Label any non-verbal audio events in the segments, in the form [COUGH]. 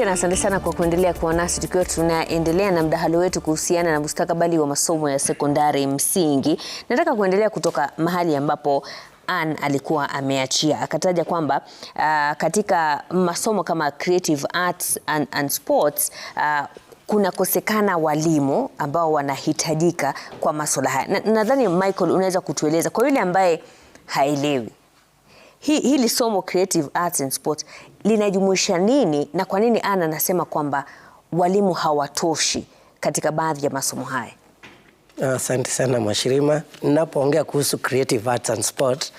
Asante na asante sana kwa kuendelea kuwa nasi tukiwa tunaendelea na mdahalo wetu kuhusiana na mustakabali wa masomo ya sekondari msingi. Nataka kuendelea kutoka mahali ambapo Ann alikuwa ameachia akataja kwamba uh, katika masomo kama creative arts and, and sports uh, kunakosekana walimu ambao wanahitajika kwa masuala haya. Nadhani na Michael, unaweza kutueleza kwa yule ambaye haelewi hili somo creative arts and sports linajumuisha nini na kwa nini ana anasema kwamba walimu hawatoshi katika baadhi ya masomo haya? Asante uh, sana Mwashirima. Ninapoongea kuhusu creative arts and sport,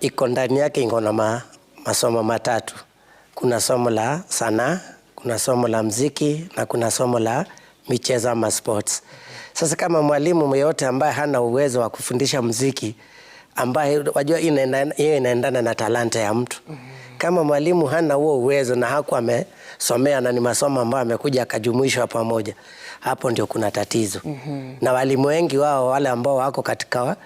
iko ndani yake iko na ma, masomo matatu. Kuna somo la sanaa, kuna somo la mziki na kuna somo la michezo ama sports. Sasa kama mwalimu yeyote ambaye hana uwezo wa kufundisha mziki ambaye wajua hiyo inaendana na talanta ya mtu mm -hmm. Kama mwalimu hana huo uwezo na haku amesomea na ni masomo ambayo amekuja akajumuishwa pamoja, hapo ndio kuna tatizo mm -hmm. Na walimu wengi wao wale ambao wako katika wa,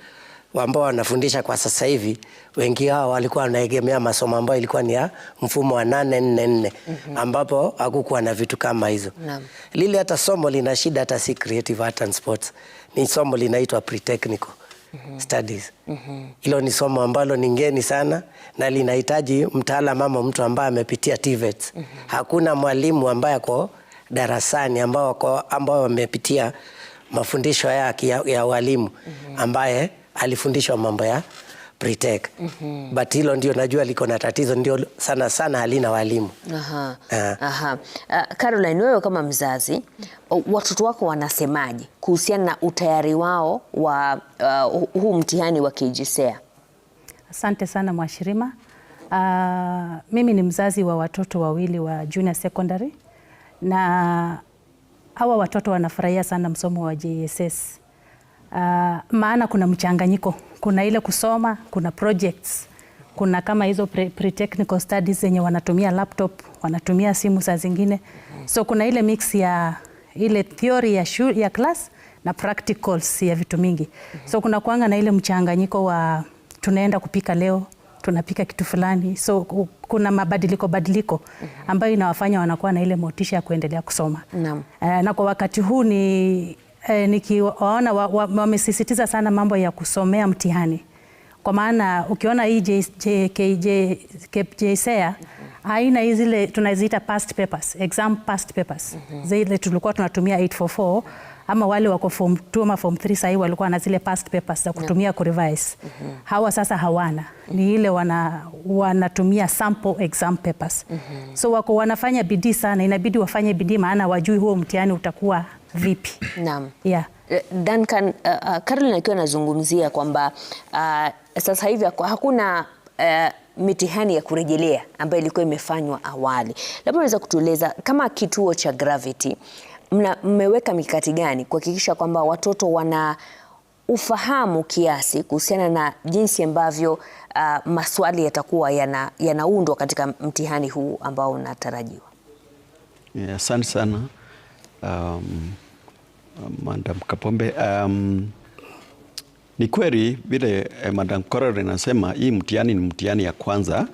ambao wanafundisha kwa sasa hivi, wengi wao walikuwa wanaegemea masomo ambayo ilikuwa ni ya mfumo wa nane nne nne mhm. ambapo hakukuwa na vitu kama hizo Naam. Lile hata somo lina shida hata si creative arts and sports, ni somo linaitwa pretechnical. -hmm. studies mm -hmm. Hilo ni somo ambalo ni ngeni sana na linahitaji mtaala ama mtu ambaye amepitia TVET. mm -hmm. Hakuna mwalimu ambaye ako darasani ambao wamepitia mafundisho yake ya, walimu ambaye alifundishwa mambo ya pretech mm -hmm. But hilo ndio najua liko na tatizo, ndio sana sana halina walimu. Aha. Ah. Aha. Aha. Uh, Caroline, wewe kama mzazi, watoto wako wanasemaje kuhusiana na utayari wao wa uh, huu mtihani wa KJSEA? Asante sana Mwashirima. Uh, mimi ni mzazi wa watoto wawili wa junior secondary na hawa watoto wanafurahia sana msomo wa JSS uh, maana kuna mchanganyiko, kuna ile kusoma, kuna projects, kuna kama hizo pre, pre technical studies zenye wanatumia laptop, wanatumia simu saa zingine, so kuna ile mix ya ile theory ya, shule, ya class na practicals ya vitu mingi so kuna kuanga na ile mchanganyiko wa tunaenda kupika leo tunapika kitu fulani, so kuna mabadiliko badiliko ambayo inawafanya wanakuwa na ile motisha ya kuendelea kusoma. Naam. Eh, na kwa wakati huu ni eh, nikiwaona wamesisitiza wa, wa sana mambo ya kusomea mtihani kwa maana ukiona hii aina hii zile tunaziita past papers, exam past papers mm -hmm. zile tulikuwa tunatumia 844 ama wale wako form 2 ama form 3 sahii walikuwa na zile past papers za kutumia yeah. kurevise mm -hmm. hawa sasa hawana mm -hmm. ni ile wana, wanatumia sample exam papers mm -hmm. so wako wanafanya bidii sana, inabidi wafanye bidii, maana wajui huo mtihani utakuwa vipi? Naam. Yeah. Eh, Duncan, uh, Caroline akiwa anazungumzia kwamba uh, sasa hivi hakuna uh, mitihani ya kurejelea ambayo ilikuwa imefanywa awali, labda unaweza kutueleza kama kituo cha Gravity mna, mmeweka mikakati gani kuhakikisha kwamba watoto wana ufahamu kiasi kuhusiana na jinsi ambavyo uh, maswali yatakuwa yanaundwa yana katika mtihani huu ambao unatarajiwa? Asante yeah, sana Um, um, Madam Kapombe um, ni kweli vile eh, Madam korer inasema hii mtiani ni mtiani ya kwanza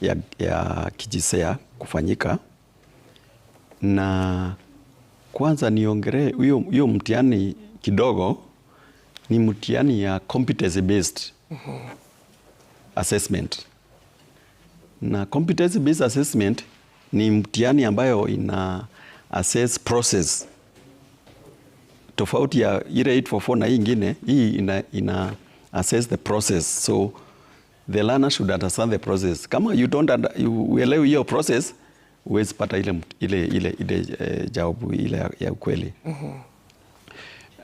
ya, ya kijisea kufanyika na kwanza niongelee hiyo mtiani kidogo, ni mtiani ya based assessment, na based assessment ni mtiani ambayo ina assess process tofauti ya ile 844 na hii ingine, hii ina, ina assess the process so the learner should understand the process. Kama you don't uelewi hiyo process huwezi pata ile, ile, ile, ile uh, jawabu ile ya ukweli mm -hmm.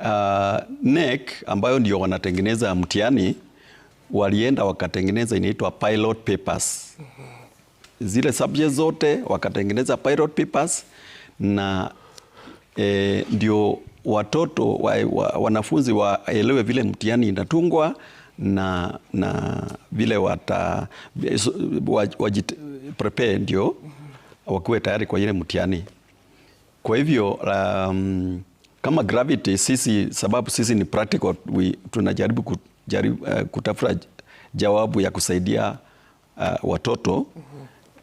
Uh, NEC ambayo ndio wanatengeneza mtihani walienda wakatengeneza inaitwa pilot papers mm -hmm. Zile subjects zote wakatengeneza pilot papers mm na e, ndio watoto wa, wa, wanafunzi waelewe vile mtihani inatungwa na, na vile wata wajit prepare ndio wakiwe tayari kwa ile mtihani. Kwa hivyo um, kama Gravity sisi, sababu sisi ni practical, tunajaribu uh, kutafuta jawabu ya kusaidia uh, watoto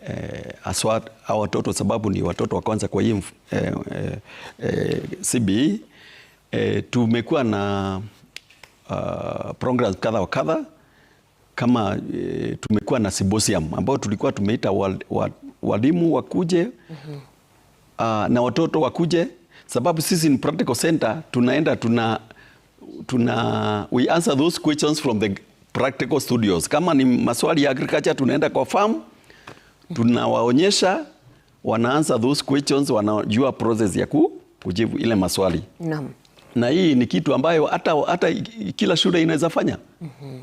Eh, aswa au watoto sababu ni watoto wa kwanza kwa hii eh, eh, eh CBE eh, tumekuwa na uh, programs kadha wa kadha kama eh, tumekuwa na Symposium ambao tulikuwa tumeita walimu wa, walimu wakuje mm -hmm. Uh, na watoto wakuje, sababu sisi ni practical center, tunaenda tuna tuna we answer those questions from the practical studios. Kama ni maswali ya agriculture, tunaenda kwa farm tunawaonyesha wanaanza those questions, wanajua process ya kujibu ile maswali Naam. na hii ni kitu ambayo hata, hata kila shule inaweza fanya mm -hmm.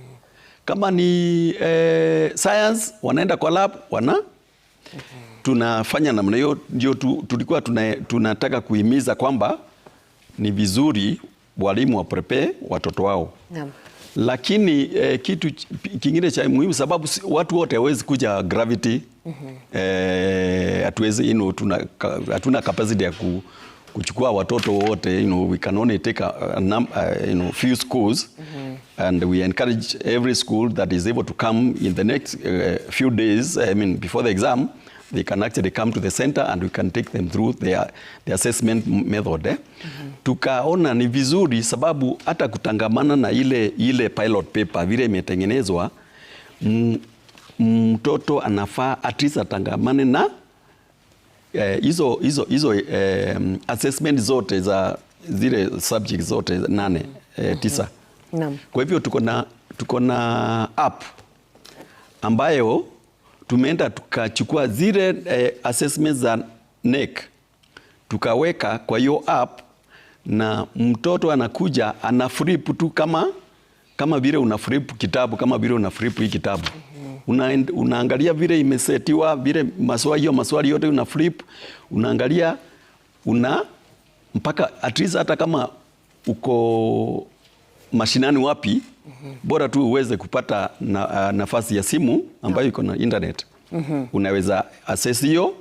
kama ni eh, science wanaenda kwa lab wana mm -hmm. tunafanya namna hiyo, ndio tulikuwa tunataka kuhimiza kwamba ni vizuri walimu wa prepare watoto wao Naam. Lakini eh, kitu kingine cha muhimu, sababu watu wote hawezi kuja gravity mm-hmm. eh, hatuwezi mm -hmm. eh, you know, tuna, capacity ya ku, kuchukua watoto wote you know, we can only take a, a num, uh, you know, few schools mm -hmm. and we encourage every school that is able to come in the next uh, few days I mean before the exam they can actually come to the center and we can take them through their, the assessment method eh? mm -hmm tukaona ni vizuri, sababu hata kutangamana na ile, ile pilot paper vile imetengenezwa, mtoto anafaa at least atangamane na eh, hizo eh, hizo eh, assessment zote za zile subject zote nane eh, tisa. Mm-hmm. Naam. Kwa hivyo tuko na tuko na app ambayo tumeenda tukachukua zile eh, assessment za NEC tukaweka kwa hiyo app na mtoto anakuja ana flip tu kama kama vile flip kitabu kama vile una flip hii kitabu una, unaangalia vile imesetiwa vile maswali hiyo maswali yote flip unaangalia una mpaka at least hata kama uko mashinani wapi bora tu uweze kupata na, ah, nafasi ya simu ambayo iko na internet mm-hmm. unaweza access hiyo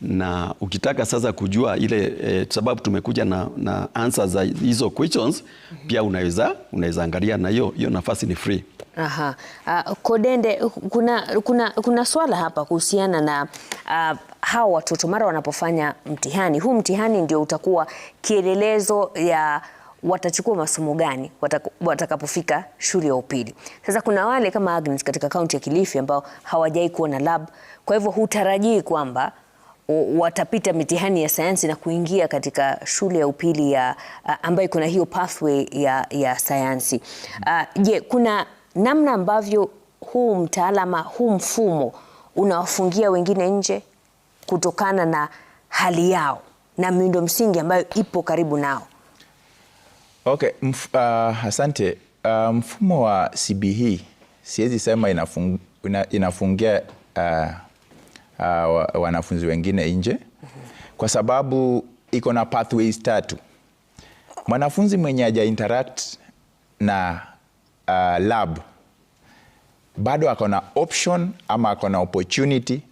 na ukitaka sasa kujua ile e, sababu tumekuja na, na answer za hizo questions mm -hmm. Pia unaweza unaweza angalia na hiyo hiyo nafasi ni free. Aha. Uh, Kodende, kuna, kuna, kuna swala hapa kuhusiana na uh, hao watoto mara wanapofanya mtihani huu, mtihani ndio utakuwa kielelezo ya watachukua masomo gani watakapofika shule ya upili. Sasa kuna wale kama Agnes katika kaunti ya Kilifi ambao hawajai kuona lab, kwa hivyo hutarajii kwamba watapita mitihani ya sayansi na kuingia katika shule ya upili ya ambayo kuna hiyo pathway ya, ya sayansi. Je, uh, kuna namna ambavyo huu mtaalama huu mfumo unawafungia wengine nje kutokana na hali yao na miundo msingi ambayo ipo karibu nao? Okay, mf, uh, asante. Uh, mfumo wa CBE siwezi sema inafung, ina, inafungia uh, uh, wanafunzi wengine nje, kwa sababu iko na pathways tatu. Mwanafunzi mwenye haja interact na uh, lab bado ako na option ama ako na opportunity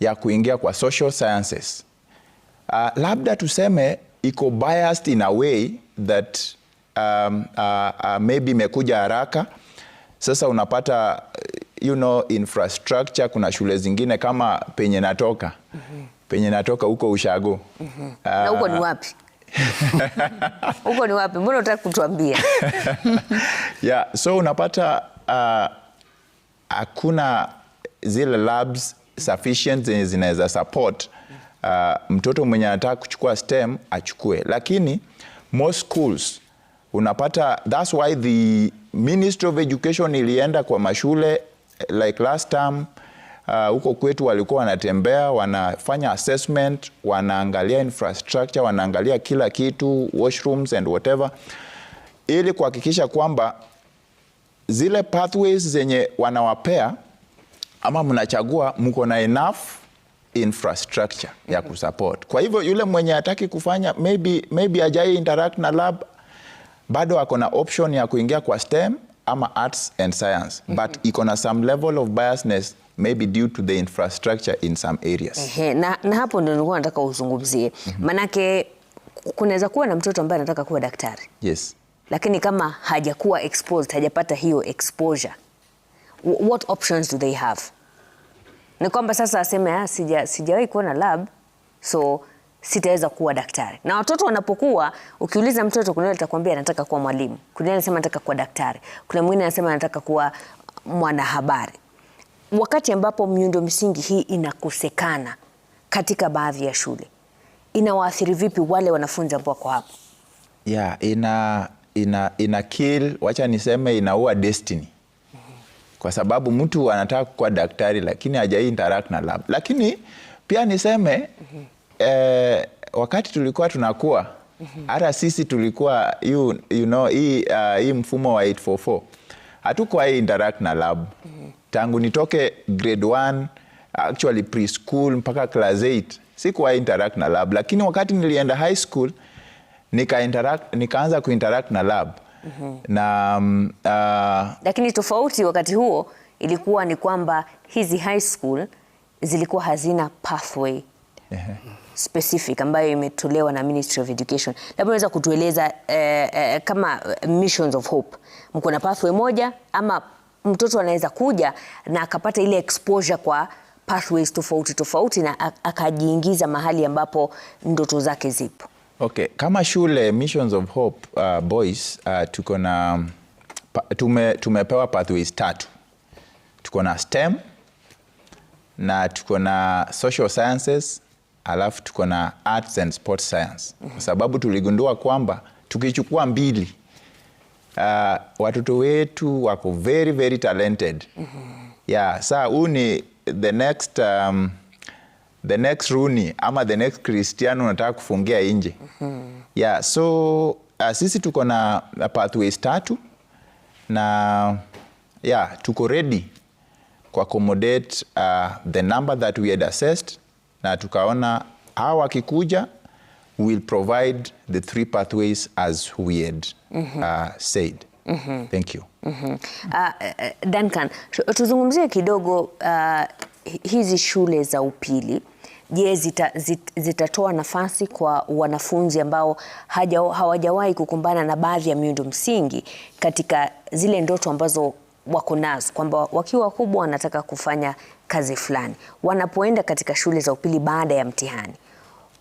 ya kuingia kwa social sciences. Uh, labda tuseme iko biased in a way that um, uh, uh, maybe imekuja haraka sasa unapata you know, infrastructure. Kuna shule zingine kama penye natoka mm -hmm. penye natoka huko ushago mm -hmm. uh, na huko ni wapi? [LAUGHS] huko ni wapi? Mbona unataka kutuambia? [LAUGHS] yeah, so unapata uh, hakuna uh, zile labs sufficient zenye zinaweza support uh, mtoto mwenye anataka kuchukua STEM achukue, lakini most schools unapata that's why the Ministry of Education ilienda kwa mashule like last term uh, huko uh, kwetu walikuwa wanatembea wanafanya assessment, wanaangalia infrastructure, wanaangalia kila kitu, washrooms and whatever, ili kuhakikisha kwamba zile pathways zenye wanawapea ama mnachagua mko na enough infrastructure ya mm-hmm. kusupport. Kwa hivyo yule mwenye hataki kufanya maybe, maybe ajai interact na lab bado ako na option ya kuingia kwa STEM ama arts and science mm -hmm. but mhm. iko na some level of biasness maybe due to the infrastructure in some areas. Ehe, na, na hapo ndio nilikuwa nataka uzungumzie mm -hmm. Manake kunaweza kuwa na mtoto ambaye anataka kuwa daktari yes, lakini kama hajakuwa exposed, hajapata hiyo exposure, what options do they have? Ni kwamba sasa aseme ah, sija, sijawahi kuona lab so sitaweza kuwa daktari. Na watoto wanapokuwa, ukiuliza mtoto, kuna yule atakwambia anataka kuwa mwalimu, kuna yule anasema anataka kuwa daktari, kuna mwingine anasema anataka kuwa mwanahabari. Wakati ambapo miundo msingi hii inakosekana katika baadhi ya shule, inawaathiri vipi wale wanafunzi ambao wako hapo? Yeah, ina, ina, ina kill, wacha niseme inaua destiny kwa sababu mtu anataka kuwa daktari lakini hajai interact na lab. Lakini pia niseme mm -hmm eh, wakati tulikuwa tunakuwa hata sisi tulikuwa you, you know, hii uh, mfumo wa 844 hatukuwa hii interact na lab tangu nitoke grade 1 actually preschool mpaka class 8 sikuwa interact na lab, lakini wakati nilienda high school nika interact, nikaanza kuinteract na lab mm -hmm. na um, uh, lakini tofauti wakati huo ilikuwa ni kwamba hizi high school zilikuwa hazina pathway specific ambayo imetolewa na Ministry of Education, labda unaweza kutueleza eh, eh, kama eh, Missions of Hope mko na pathway moja ama mtoto anaweza kuja na akapata ile exposure kwa pathways tofauti tofauti na akajiingiza mahali ambapo ndoto zake zipo. Okay, kama shule Missions of Hope uh, Boys uh, tuko na tume, tumepewa pathways tatu. Tuko na STEM na tuko na social sciences alafu tuko na arts and sports science kwa sababu tuligundua kwamba tukichukua mbili uh, watoto wetu wako very very talented mm -hmm. yeah, saa huu ni the next um, the next Rooney ama the next Cristiano unataka kufungia nje mm -hmm. yeah, so uh, sisi tuko na pathways tatu na yeah, tuko ready ku accommodate uh, the number that we had assessed na tukaona hawa wakikuja will provide the three pathways as we had mm -hmm. uh, said mm -hmm. Thank you mm -hmm. Uh, Duncan, tuzungumzie kidogo uh, hizi shule za upili je, zitatoa zita, zita nafasi kwa wanafunzi ambao hawajawahi kukumbana na baadhi ya miundo msingi katika zile ndoto ambazo wako nazo kwamba wakiwa kubwa wanataka kufanya kazi fulani, wanapoenda katika shule za upili baada ya mtihani,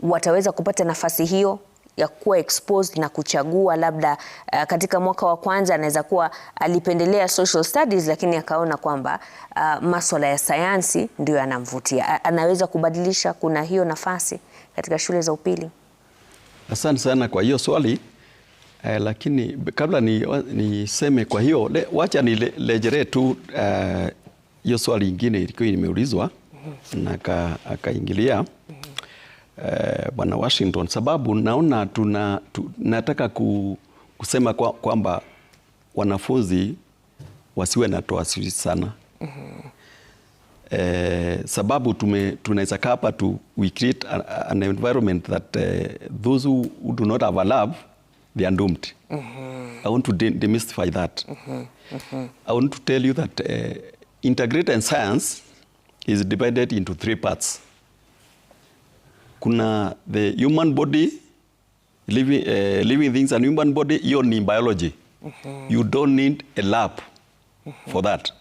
wataweza kupata nafasi hiyo ya kuwa exposed na kuchagua labda. Uh, katika mwaka wa kwanza anaweza kuwa alipendelea social studies, lakini akaona kwamba uh, maswala ya sayansi ndio yanamvutia, anaweza kubadilisha. Kuna hiyo nafasi katika shule za upili. Asante sana kwa hiyo swali eh, lakini kabla niseme ni kwa hiyo le, wacha nirejelee tu uh, eh, hiyo swali ingine ilikuwa imeulizwa na akaingilia eh, bwana uh, Washington, sababu naona tuna, tu, nataka ku, kusema kwamba kwa wanafunzi wasiwe na tawasiri sana mm -hmm. Eh, sababu tunaweza kaa hapa tu we create an environment that uh, those who do not have a lab they are doomed mm -hmm. I want to demystify that mm -hmm. Mm -hmm. I want to tell you that uh, Integrated science is divided into three parts. Kuna the human body, living, uh, living things and human body, hiyo ni biology. Mm -hmm. You don't need a lab mm -hmm. for that.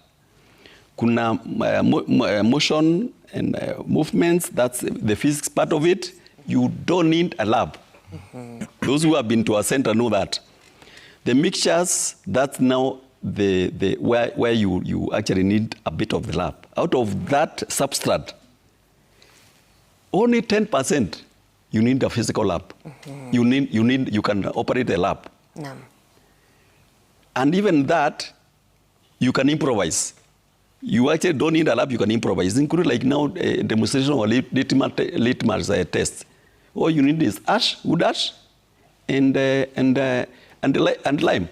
Kuna uh, mo uh, motion and uh, movements, that's the physics part of it. You don't need a lab. Mm -hmm. Those who have been to our center know that. The mixtures, that's now the, the, where, where you, you actually need a bit of the lab. Out of that substrate, only 10% you need a physical lab. Mm -hmm. You, need, you, need, you can operate a lab. No. And even that, you can improvise. You actually don't need a lab, you can improvise, including like now a eh, demonstration or litmus, litmus eh, test. All you need is ash, wood ash, and, uh, and, uh, and, li and lime.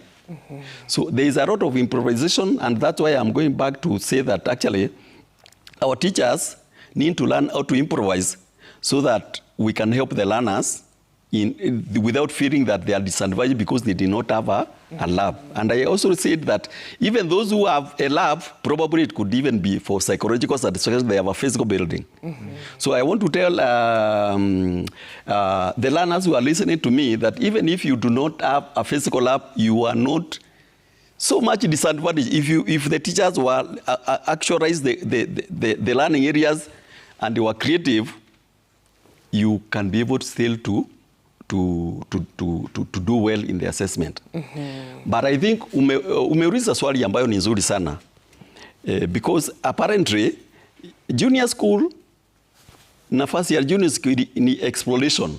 So there is a lot of improvisation and that's why I'm going back to say that actually our teachers need to learn how to improvise so that we can help the learners in, without feeling that they are disadvantaged because they did not have a, a lab. And I also said that even those who have a lab, probably it could even be for psychological satisfaction, they have a physical building. Mm -hmm. So I want to tell um, uh, the learners who are listening to me that even if you do not have a physical lab, you are not so much disadvantaged if you if the teachers were uh, uh actualize the, the, the, the learning areas and they were creative you can be able to still to to, to, to, to, to do well in the assessment. Mm -hmm. But I think ume, uh, umeuliza swali ambayo ni nzuri sana eh, because apparently junior school nafasi ya junior school ni exploration.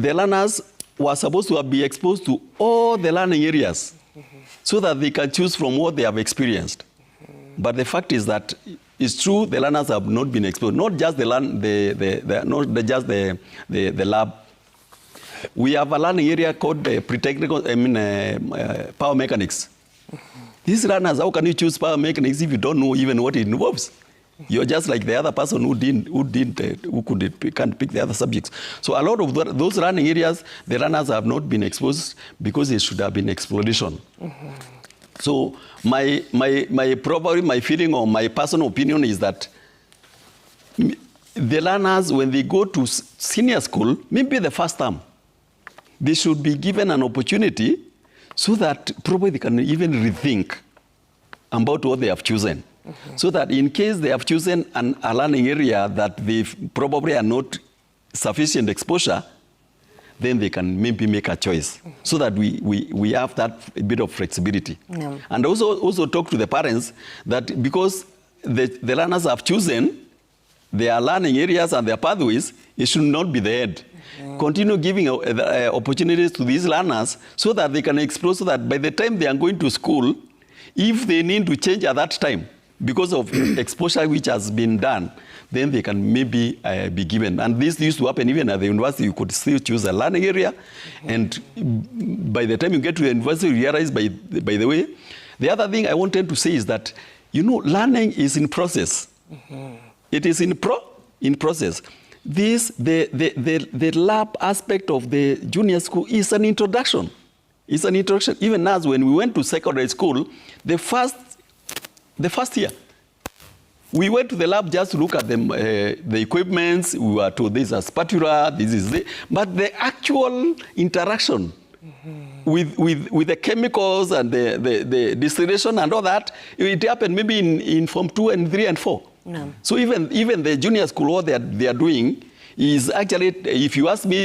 The learners were supposed to have be exposed to all the learning areas so that they can choose from what they have experienced. But the fact is that It's true the learners have not been exposed, not just the, learn, the, the, the not the, just the, the, the lab. We have a learning area called pre-technical, I mean, uh, uh, power mechanics. These learners, how can you choose power mechanics if you don't know even what it involves? You're just like the other person who didn't, who didn't, uh, who could can't pick the other subjects. So a lot of the, those running areas, the runners have not been exposed because it should have been exploration. Mm -hmm. So my, my, my probably my feeling or my personal opinion is that the learners, when they go to senior school, maybe the first time, they should be given an opportunity so that probably they can even rethink about what they have chosen. Mm -hmm. So that in case they have chosen an, a learning area that they probably are not sufficient exposure, then they can maybe make a choice so that we, we, we have that bit of flexibility. Yeah. And also, also talk to the parents that because the, the learners have chosen their learning areas and their pathways, it should not be the end. Mm. Continue giving uh, uh, opportunities to these learners so that they can explore so that by the time they are going to school, if they need to change at that time because of [COUGHS] exposure which has been done, then they can maybe uh, be given. And this used to happen even at the university. You could still choose a learning area. Mm-hmm. And by the time you get to the university, you realize, by, by the way, the other thing I wanted to say is that, you know, learning is in process. Mm-hmm. It is in, pro in process. This, the, the, the, the lab aspect of the junior school is an introduction. It's an introduction. Even as when we went to secondary school, the first, the first year, we went to the lab just to look at the uh, the equipments. We were told this is a spatula, this is the, but the actual interaction mm -hmm. with, with, with the chemicals and the, the, the distillation and all that, it happened maybe in, in form two and three and four. No. So even, even the junior school, what they are, they are doing is actually, if you ask me,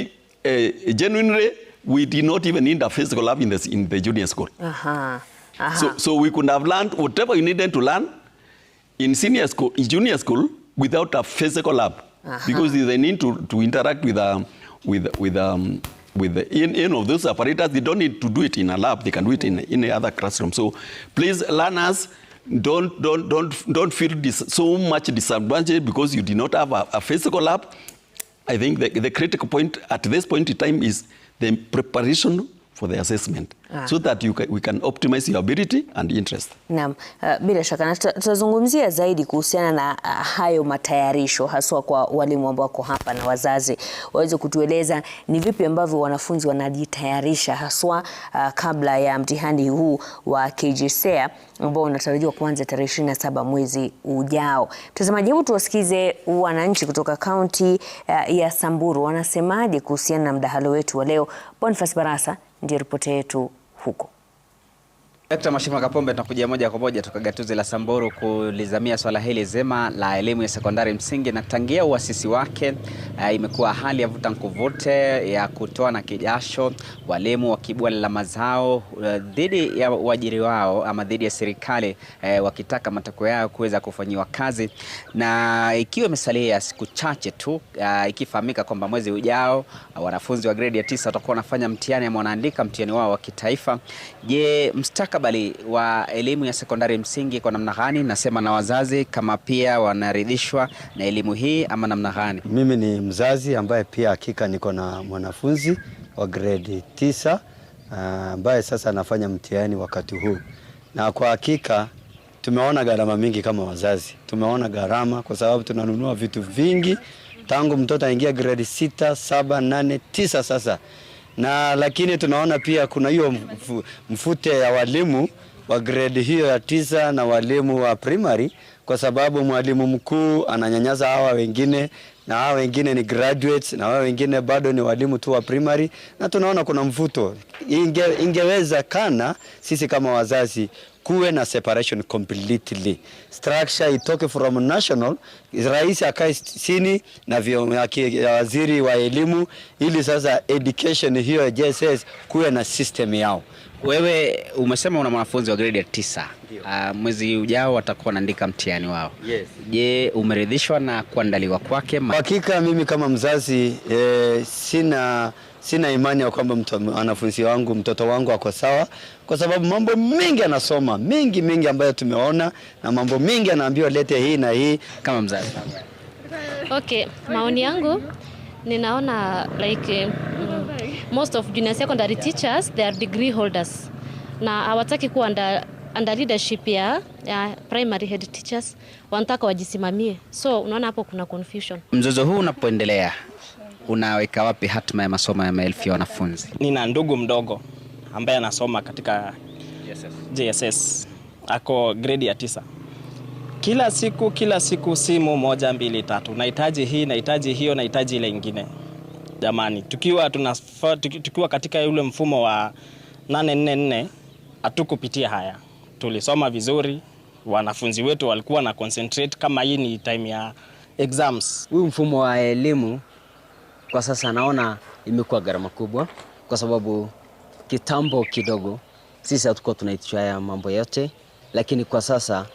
uh, genuinely, we did not even need a physical lab in the, in the junior school. Uh -huh. Uh -huh. So, so we could have learned whatever you needed to learn in senior school, junior school without a physical lab uh -huh. because they need to, to interact with, um, with, with, um, with the, in, in of those apparatus. They don't need to do it in a lab. They can do it in any other classroom. So please, learners, don't don't don't don't feel dis so much disadvantaged because you did not have a, a physical lab. I think the, the critical point at this point in time is the preparation for the assessment ah, so that you can, we can optimize your ability and interest. Naam, uh, bila shaka na tutazungumzia zaidi kuhusiana na uh, hayo matayarisho haswa kwa walimu ambao wako hapa na wazazi waweze kutueleza ni vipi ambavyo wanafunzi wanajitayarisha haswa uh, kabla ya mtihani huu wa KJSEA ambao unatarajiwa kuanza tarehe 27 mwezi ujao. Mtazamaji, hebu tuwasikize wananchi kutoka kaunti uh, ya Samburu wanasemaje kuhusiana na mdahalo wetu wa leo. Boniface Barasa Ndiyo ripoti yetu huko. Dkt. Mwashimwa Kapombe, tunakuja moja kwa moja toka gatuzi la Samburu kulizamia swala hili zima la elimu ya sekondari msingi, na tangia uasisi wake uh, imekuwa hali ya vuta nkuvute ya kutoa na kijasho, walimu wakiibua lalama zao uh, eh, dhidi ya uajiri wao ama dhidi ya serikali uh, wakitaka matakwa yao kuweza kufanyiwa kazi, na ikiwa imesalia siku chache tu uh, ikifahamika kwamba mwezi ujao uh, wanafunzi wa gredi ya tisa watakuwa wanafanya mtihani ama wanaandika mtihani wao wa kitaifa, je, mstaka mustakabali wa elimu ya sekondari msingi kwa namna gani, nasema na wazazi kama pia wanaridhishwa na elimu hii ama namna gani? Mimi ni mzazi ambaye pia hakika niko na mwanafunzi wa grade tisa ah, ambaye sasa anafanya mtihani wakati huu, na kwa hakika tumeona gharama mingi kama wazazi, tumeona gharama kwa sababu tunanunua vitu vingi tangu mtoto aingia grade sita, saba, nane, tisa sasa na lakini tunaona pia kuna hiyo mfute ya walimu wa grade hiyo ya tisa na walimu wa primary, kwa sababu mwalimu mkuu ananyanyaza hawa wengine, na hawa wengine ni graduates, na hawa wengine bado ni walimu tu wa primary, na tunaona kuna mvuto. Inge, ingeweza kana sisi kama wazazi kuwe na separation completely, structure itoke from national, rais akae chini na waziri wa elimu, ili sasa education hiyo JSS kuwe na system yao. Wewe umesema una mwanafunzi wa grade ya tisa. Uh, mwezi ujao watakuwa wanaandika mtihani wao. Yes. Je, umeridhishwa na kuandaliwa kwake? Hakika mimi kama mzazi eh, sina sina imani ya kwamba mwanafunzi wangu mtoto wangu ako sawa, kwa sababu mambo mengi anasoma mengi mengi ambayo tumeona na mambo mengi anaambiwa lete hii na hii kama mzazi. Okay, maoni yangu ninaona like um, most of junior secondary teachers they are degree holders na hawataki kuwa under, under leadership ya, ya primary head teachers, wanataka wajisimamie, so unaona hapo kuna confusion. Mzozo huu unapoendelea unaweka wapi hatma ya masomo ya maelfu ya wanafunzi? Nina ndugu mdogo ambaye anasoma katika JSS. JSS ako gredi ya tisa. Kila siku kila siku simu moja mbili tatu, nahitaji hii, nahitaji hiyo, nahitaji ile ingine. Jamani, tukiwa tuna tukiwa katika yule mfumo wa 844 hatukupitia haya. Tulisoma vizuri, wanafunzi wetu walikuwa na concentrate. Kama hii ni time ya exams, huu mfumo wa elimu kwa sasa naona imekuwa gharama kubwa, kwa sababu kitambo kidogo sisi hatukuwa tunaitisha haya mambo yote, lakini kwa sasa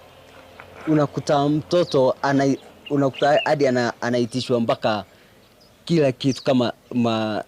unakuta mtoto ana, unakuta hadi anaitishwa mpaka kila kitu kama ma,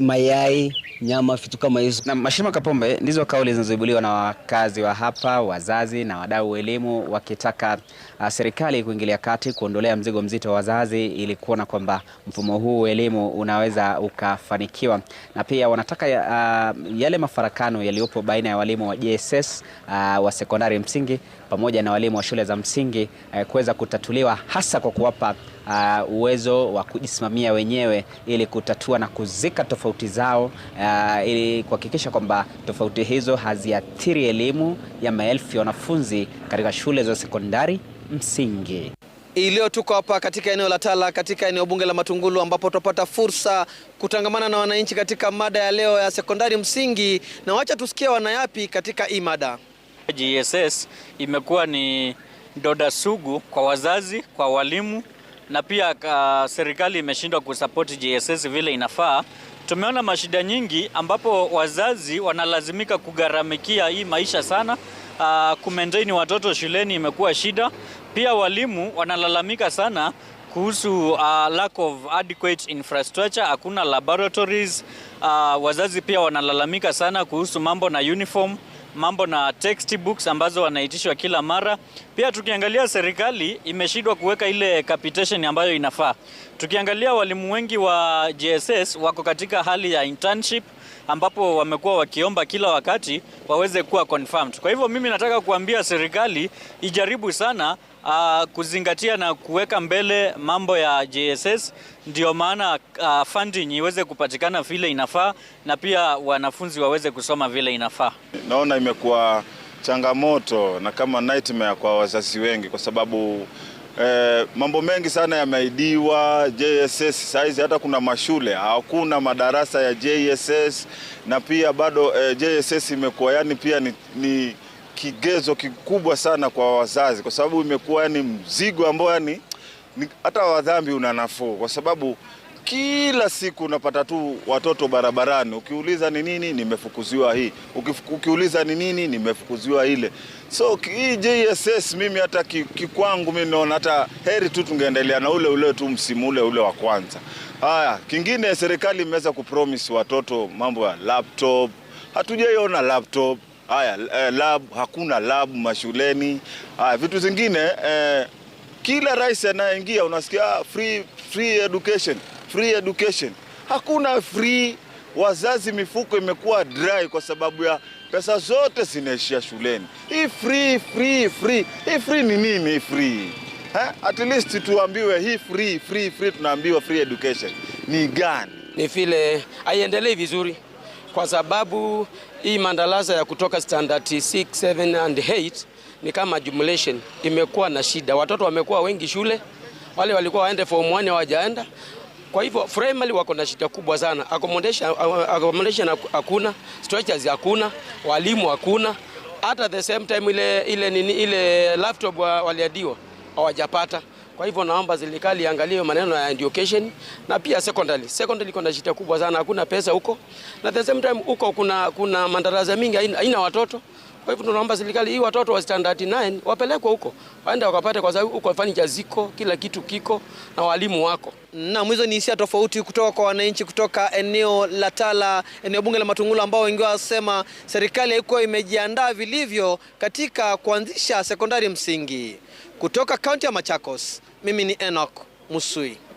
mayai, nyama, vitu kama hizo. Na mashirima kapombe ndizo kauli zinazoibuliwa na wakazi wa hapa, wazazi na wadau wa elimu wakitaka uh, serikali kuingilia kati kuondolea mzigo mzito wa wazazi ili kuona kwamba mfumo huu wa elimu unaweza ukafanikiwa, na pia wanataka uh, yale mafarakano yaliyopo baina ya walimu wa JSS uh, ah, wa sekondari msingi pamoja na walimu wa shule za msingi uh, kuweza kutatuliwa hasa kwa kuwapa uh, uwezo wa kujisimamia wenyewe ili kutatua na kuzika kuweka tofauti zao uh, ili kuhakikisha kwamba tofauti hizo haziathiri elimu ya maelfu ya wanafunzi katika shule za sekondari msingi. Ilio tuko hapa katika eneo la Tala katika eneo bunge la Matungulu ambapo tutapata fursa kutangamana na wananchi katika mada ya leo ya sekondari msingi, na wacha tusikie wanayapi katika hii mada. GSS imekuwa ni doda sugu kwa wazazi, kwa walimu na pia uh, serikali imeshindwa kusapoti GSS vile inafaa. Tumeona mashida nyingi ambapo wazazi wanalazimika kugharamikia hii maisha sana. Uh, ah, kumaintain watoto shuleni imekuwa shida. Pia walimu wanalalamika sana kuhusu uh, lack of adequate infrastructure, hakuna laboratories. Uh, wazazi pia wanalalamika sana kuhusu mambo na uniform mambo na textbooks ambazo wanaitishwa kila mara. Pia tukiangalia serikali imeshindwa kuweka ile capitation ambayo inafaa. Tukiangalia walimu wengi wa JSS wako katika hali ya internship ambapo wamekuwa wakiomba kila wakati waweze kuwa confirmed. Kwa hivyo mimi nataka kuambia serikali ijaribu sana uh, kuzingatia na kuweka mbele mambo ya JSS, ndio maana uh, funding iweze kupatikana vile inafaa na pia wanafunzi waweze kusoma vile inafaa. Naona imekuwa changamoto na kama nightmare kwa wazazi wengi kwa sababu Eh, mambo mengi sana yameahidiwa JSS saizi, hata kuna mashule hakuna madarasa ya JSS na pia bado eh, JSS imekuwa yani pia ni, ni kigezo kikubwa sana kwa wazazi, kwa sababu imekuwa ni mzigo ambao yani hata wadhambi una nafuu, kwa sababu kila siku unapata tu watoto barabarani, ukiuliza ni nini, nimefukuziwa hii, ukiuliza ni nini, nimefukuziwa ile. So hii JSS mimi hata kikwangu mimi naona hata heri tu tungeendelea na ule ule tu msimu ule ule wa kwanza. Haya, kingine serikali imeweza kupromise watoto mambo ya laptop, hatujaiona laptop haya eh, lab, hakuna lab mashuleni haya, vitu zingine eh, kila rais anayeingia unasikia ah, free, free education, free education. Hakuna free. Wazazi mifuko imekuwa dry kwa sababu ya pesa zote zinaishia shuleni. Hii free free free, hii free ni nini? free ha? At least tuambiwe hii free free free, tunaambiwa free education ni gani? Ni vile haiendelei vizuri kwa sababu hii madarasa ya kutoka standard 6, 7 and 8 ni kama jumulation imekuwa na shida. Watoto wamekuwa wengi shule, wale walikuwa waende form 1 hawajaenda. Kwa hivyo primary wako na shida kubwa sana, accommodation accommodation hakuna, structures hakuna, walimu hakuna, hata the same time ile ile nini ile laptop waliadiwa hawajapata. Kwa hivyo naomba serikali iangalie maneno ya education na pia secondary. Secondary kuna shida kubwa sana, hakuna pesa huko, na the same time huko kuna, kuna madarasa mingi haina watoto. Kwa hivyo tunaomba serikali hii watoto wa standard 9 wapelekwe huko waende wakapate, kwa sababu huko fanicha jaziko kila kitu kiko na walimu wako. Na hizo ni hisia tofauti kutoka kwa wananchi kutoka eneo la Tala, eneo bunge la Matungulu, ambao wengi wasema serikali haikuwa imejiandaa vilivyo katika kuanzisha sekondari msingi. Kutoka kaunti ya Machakos, mimi ni Enoch Musui.